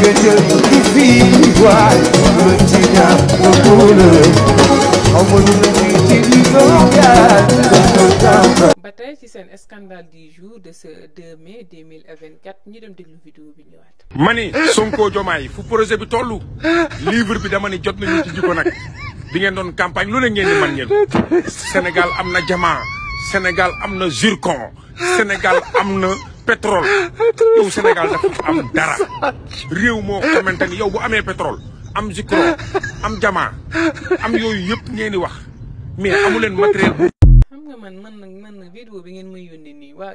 que ba tey ci seen scandale di jour de ce 2 mai 2024 ñu dem déglu vidéo bi ñëwaat. ma ni Sonko Diomaye fu projet bi toll livre bi dama ni jot nañu ci nag bi ngeen doon campagne lu ne ngeen di man ngeen Sénégal am na jamaa Sénégal am na zircon Sénégal am na. pétrole yow senegal dafa am dara rew mo xamanteni yow bu amé petrol, am zikro am jama, am yoy yep ñeeni wax mais amu leen matériel xam nga man man nak man nag vidéo bi ngeen may yoni ni wa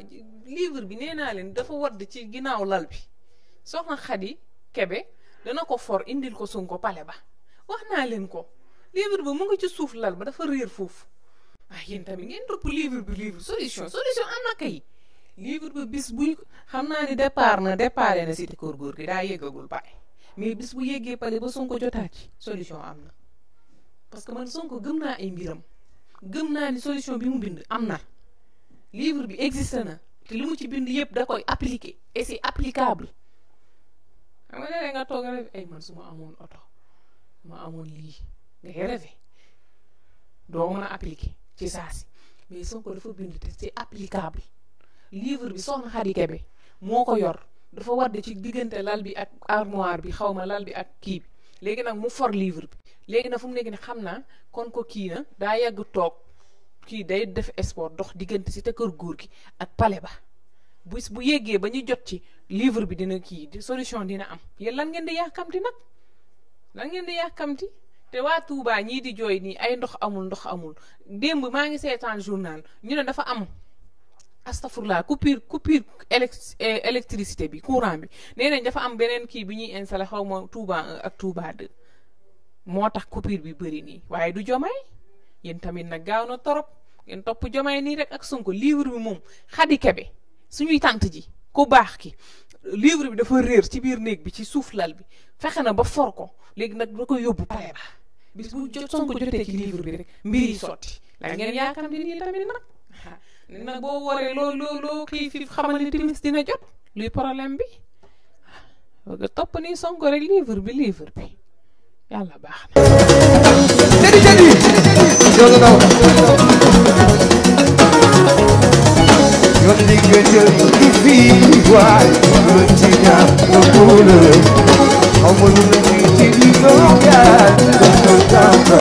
livre bi nee len dafa wad ci ginaaw lal bi soxna khadi Kebe dana ko for indil ko Sonko pale ba waxna len ko livre bu mu ngi ci souf lal ba dafa rir fouf ah yeen tamit ngeen topp livre bi livre solution solution am kay livre bi bis buñ xam naa ni départ na départ na cité Keur Gorgui daa yëggagul pare mais bis bu yéggee pare ba Sonko jotaat ci solution am na parce que man Sonko gëm naa ay mbiram gëm naa ni solution bi mu bind am na livre bi existe na te li ci bind yëpp da koy appliquer et c'est applicable xam nga nga toog rek ay man su ma amoon oto ma amoon lii ngay rêvé doo mën a ci saa si mais Sonko dafa bind te c'est applicable livre bi soxna Xadi bi moo ko yor dafa war wadd ci diggante lal bi ak armoire bi xaw ma lal bi ak kii bi léegi nag mu for livre bi léegi nag fu mu nekk ni xam naa kon ko kii na daa yàgg toog kii day def sport dox diggante si te kër góor gi ak pale ba bu bu yéggee ba ñu jot ci livre bi dina kii di solution dina am yéen lan ngeen di yàkkamti nag lan ngeen di yàkkamti te waa Touba ñii di jooy nii ay ndox amul ndox amul démb maa ngi seetaan journal ñu ne dafa am astafurlaa coupure coupure eh, électricité bi courant bi nee nañ dafa am beneen kii bi ñuy installé xaw ma Touba ak Touba 2 moo tax coupure bi bëri nii waaye du Diomaye yéen tamit nag gaaw na torop ngeen topp Diomaye nii rek ak Sonko livre bi moom Khady Kébé suñuy tant ji ku baax ki livre bi dafa réer ci biir néeg bi ci suuf lal bi fexe na ba for ko léegi nag da ko yóbbu pare ba bis bu Sonko jotee ci livre bi rek mbir sotti la ngeen yaakaar ni tamit nag boo waree loo loo loo xiif xiif xamal ni timis dina jot luy problème bi bëgg topp nii Sonko rek livre bi livre bi yàlla baax na. jadi jadi jooju daw yoon liggéey jël di fii waay lu ci ñaar